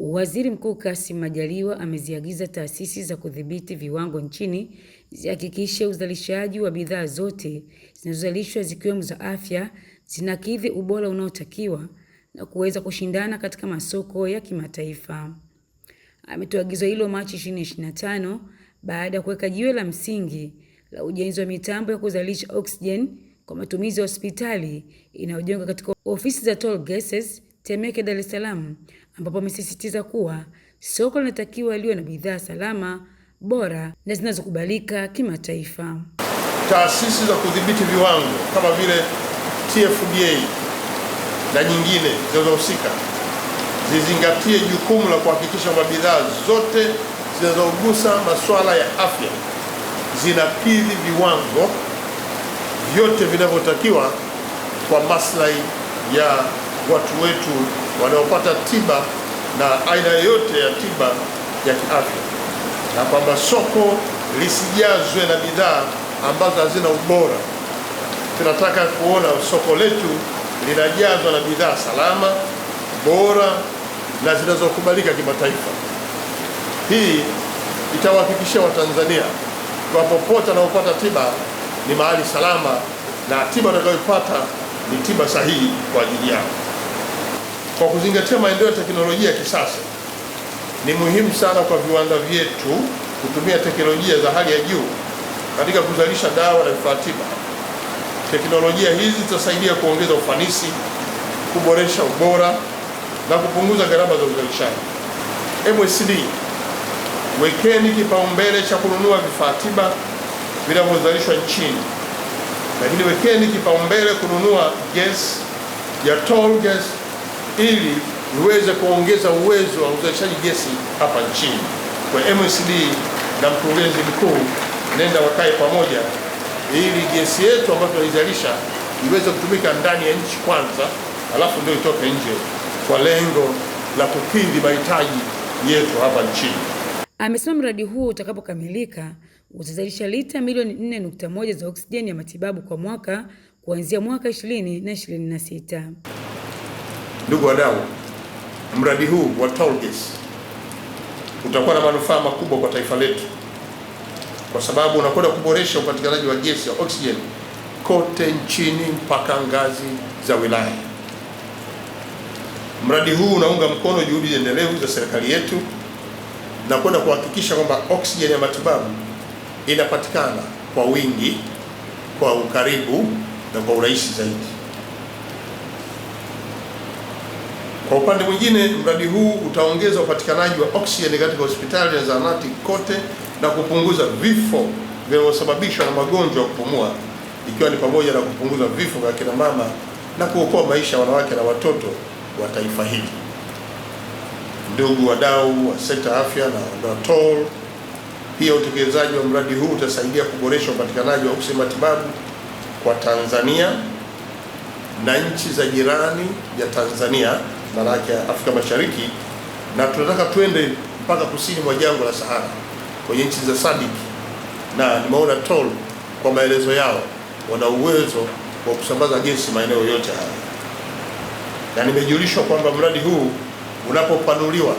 Waziri Mkuu Kassim Majaliwa ameziagiza taasisi za kudhibiti viwango nchini zihakikishe uzalishaji wa bidhaa zote zinazozalishwa zikiwemo za afya zinakidhi ubora unaotakiwa na kuweza kushindana katika masoko ya kimataifa. Ametoa agizo hilo Machi 2025 baada ya kuweka jiwe la msingi la ujenzi wa mitambo ya kuzalisha oksijeni kwa matumizi ya hospitali inayojengwa katika ofisi za Toll Gases Temeke, Dar es Salaam ambapo amesisitiza kuwa soko linatakiwa liwe na bidhaa salama, bora na zinazokubalika kimataifa. Taasisi za kudhibiti viwango kama vile TFDA na nyingine zinazohusika zizingatie jukumu la kuhakikisha kwamba bidhaa zote zinazogusa masuala ya afya zinakidhi viwango vyote vinavyotakiwa kwa maslahi ya watu wetu wanaopata tiba na aina yoyote ya tiba ya kiafya, na kwamba soko lisijazwe na bidhaa ambazo hazina ubora. Tunataka kuona soko letu linajazwa na bidhaa salama, bora na zinazokubalika kimataifa. Hii itawahakikishia Watanzania kwa popote wanaopata tiba ni mahali salama na tiba watakayoipata ni tiba sahihi kwa ajili yao kwa kuzingatia maendeleo ya teknolojia ya kisasa, ni muhimu sana kwa viwanda vyetu kutumia teknolojia za hali ya juu katika kuzalisha dawa na vifaa tiba. Teknolojia hizi zitasaidia kuongeza ufanisi, kuboresha ubora na kupunguza gharama za uzalishaji. MSD, wekeni kipaumbele cha kununua vifaa tiba vinavyozalishwa nchini, lakini wekeni kipaumbele kununua gesi ya toll gas ili iweze kuongeza uwezo wa uzalishaji gesi hapa nchini. Kwa MSD na mkurugenzi mkuu, nenda wakae pamoja ili gesi yetu ambayo tunaizalisha iweze kutumika ndani ya nchi kwanza, alafu ndio itoke nje kwa lengo la kukidhi mahitaji yetu hapa nchini. Amesema mradi huu utakapokamilika utazalisha lita milioni 4.1 za oksijeni ya matibabu kwa mwaka kuanzia mwaka 20 na 26. Ndugu wadau, mradi huu wa toll gates utakuwa na manufaa makubwa kwa taifa letu, kwa sababu unakwenda kuboresha upatikanaji wa gesi ya oksijeni kote nchini mpaka ngazi za wilaya. Mradi huu unaunga mkono juhudi endelevu za serikali yetu na kwenda kuhakikisha kwamba oksijeni ya matibabu inapatikana kwa wingi, kwa ukaribu na kwa urahisi zaidi. Kwa upande mwingine, mradi huu utaongeza upatikanaji wa oksijeni katika hospitali na zahanati kote na kupunguza vifo vinavyosababishwa na magonjwa ya kupumua, ikiwa ni pamoja na kupunguza vifo vya kina mama na kuokoa maisha ya wanawake na watoto wa taifa hili. Ndugu wadau wa sekta afya na natol pia utekelezaji wa mradi huu utasaidia kuboresha upatikanaji wa oksijeni matibabu kwa Tanzania na nchi za jirani ya Tanzania ya Afrika Mashariki, na tunataka twende mpaka kusini mwa jangwa la Sahara kwenye nchi za Sadik, na nimeona TOL kwa maelezo yao wana uwezo wa kusambaza gesi maeneo yote haya, na nimejulishwa kwamba mradi huu unapopanuliwa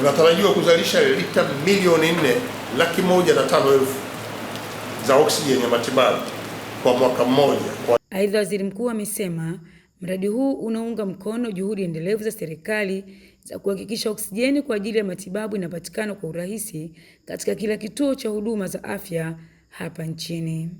unatarajiwa kuzalisha lita milioni nne laki moja na tano elfu za oksijeni ya matibabu kwa mwaka mmoja. Aidha, waziri mkuu amesema Mradi huu unaunga mkono juhudi endelevu za serikali za kuhakikisha oksijeni kwa ajili ya matibabu inapatikana kwa urahisi katika kila kituo cha huduma za afya hapa nchini.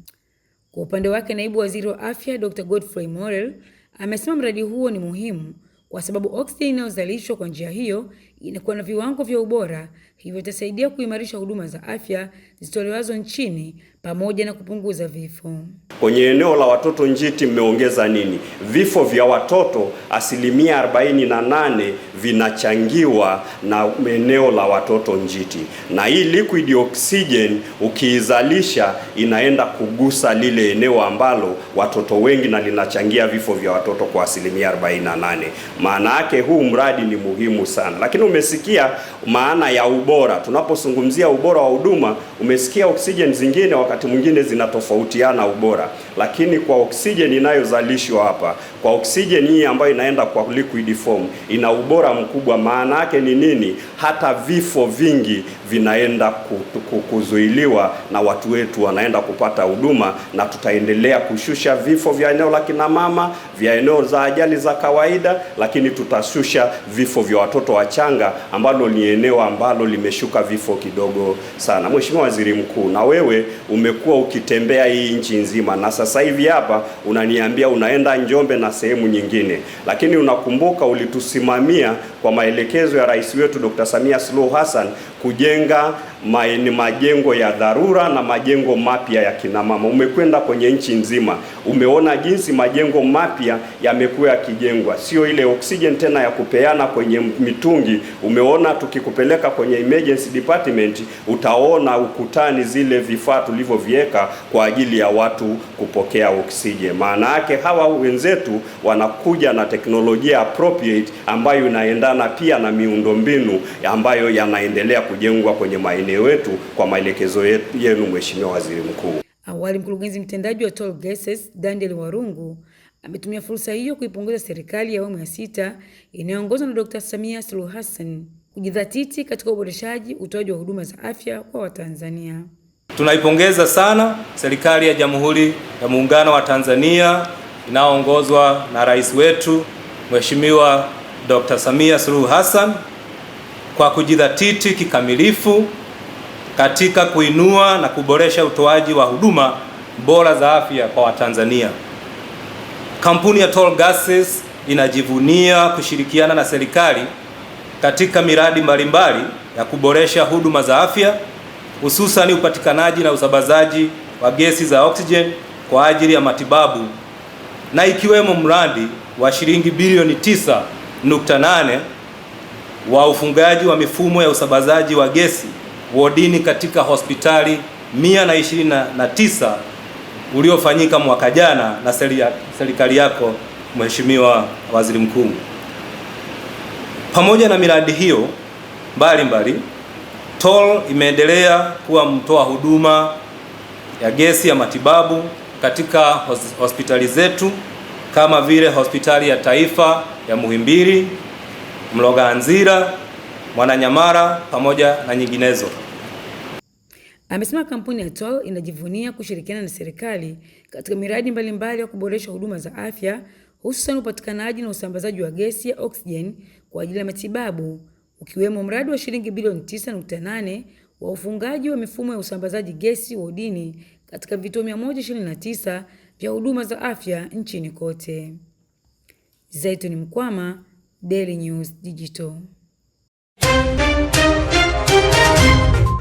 Kwa upande wake, naibu waziri wa afya Dr. Godfrey Morel amesema mradi huo ni muhimu kwa sababu oksijeni inayozalishwa kwa njia hiyo inakuwa na viwango vya ubora, hivyo itasaidia kuimarisha huduma za afya zitolewazo nchini pamoja na kupunguza vifo. Kwenye eneo la watoto njiti mmeongeza nini? Vifo vya watoto asilimia 48 vinachangiwa na eneo la watoto njiti, na hii liquid oxygen ukiizalisha inaenda kugusa lile eneo ambalo watoto wengi na linachangia vifo vya watoto kwa asilimia 48. Maana yake huu mradi ni muhimu sana, lakini umesikia maana ya ubora. Tunapozungumzia ubora wa huduma, umesikia oksijeni zingine wakati mwingine zinatofautiana ubora, lakini kwa oksijeni inayozalishwa hapa, kwa oksijeni hii ambayo inaenda kwa liquid form ina ubora mkubwa. Maana yake ni nini? Hata vifo vingi vinaenda kuzuiliwa na watu wetu wanaenda kupata huduma, na tutaendelea kushusha vifo vya eneo la kina mama, vya eneo za ajali za kawaida, lakini tutashusha vifo vya watoto wachanga Shinyanga ambalo ni eneo ambalo limeshuka vifo kidogo sana. Mheshimiwa Waziri Mkuu, na wewe umekuwa ukitembea hii nchi nzima, na sasa hivi hapa unaniambia unaenda Njombe na sehemu nyingine, lakini unakumbuka ulitusimamia kwa maelekezo ya rais wetu Dr. Samia Suluhu Hassan kujenga ni majengo ya dharura na majengo mapya ya kinamama. Umekwenda kwenye nchi nzima, umeona jinsi majengo mapya yamekuwa yakijengwa, sio ile oxygen tena ya kupeana kwenye mitungi. Umeona tukikupeleka kwenye emergency department, utaona ukutani zile vifaa tulivyoviweka kwa ajili ya watu kupokea oxygen. Maana yake hawa wenzetu wanakuja na teknolojia appropriate ambayo inaendana pia na miundombinu ambayo yanaendelea kujengwa kwenye maeneo raia wetu kwa maelekezo yenu, Mheshimiwa Waziri Mkuu. Awali mkurugenzi mtendaji wa Toll Gases Daniel Warungu ametumia fursa hiyo kuipongeza serikali ya awamu ya sita inayoongozwa na Dkt. Samia Suluhu Hassan kujidhatiti katika uboreshaji utoaji wa huduma za afya kwa Watanzania. Tunaipongeza sana serikali ya Jamhuri ya Muungano wa Tanzania inayoongozwa na rais wetu Mheshimiwa Dkt. Samia Suluhu Hassan kwa kujidhatiti kikamilifu katika kuinua na kuboresha utoaji wa huduma bora za afya kwa Watanzania. Kampuni ya Toll Gases inajivunia kushirikiana na serikali katika miradi mbalimbali ya kuboresha huduma za afya hususan upatikanaji na usambazaji wa gesi za oxygen kwa ajili ya matibabu na ikiwemo mradi wa shilingi bilioni 9.8 wa ufungaji wa mifumo ya usambazaji wa gesi wodini katika hospitali 129 uliofanyika mwaka jana na serikali yako Mheshimiwa Waziri Mkuu. Pamoja na miradi hiyo mbalimbali, TOL imeendelea kuwa mtoa huduma ya gesi ya matibabu katika hospitali zetu kama vile hospitali ya taifa ya Muhimbili, Mloganzira, Mwananyamara pamoja na nyinginezo. Amesema kampuni ya Toll inajivunia kushirikiana na serikali katika miradi mbalimbali ya kuboresha huduma za afya hususan upatikanaji na usambazaji wa gesi ya oksijeni kwa ajili ya matibabu ukiwemo mradi wa shilingi bilioni 9.8 wa ufungaji wa mifumo ya usambazaji gesi wodini katika vituo 129 vya huduma za afya nchini kote. Zaituni Mkwama, Daily News Digital.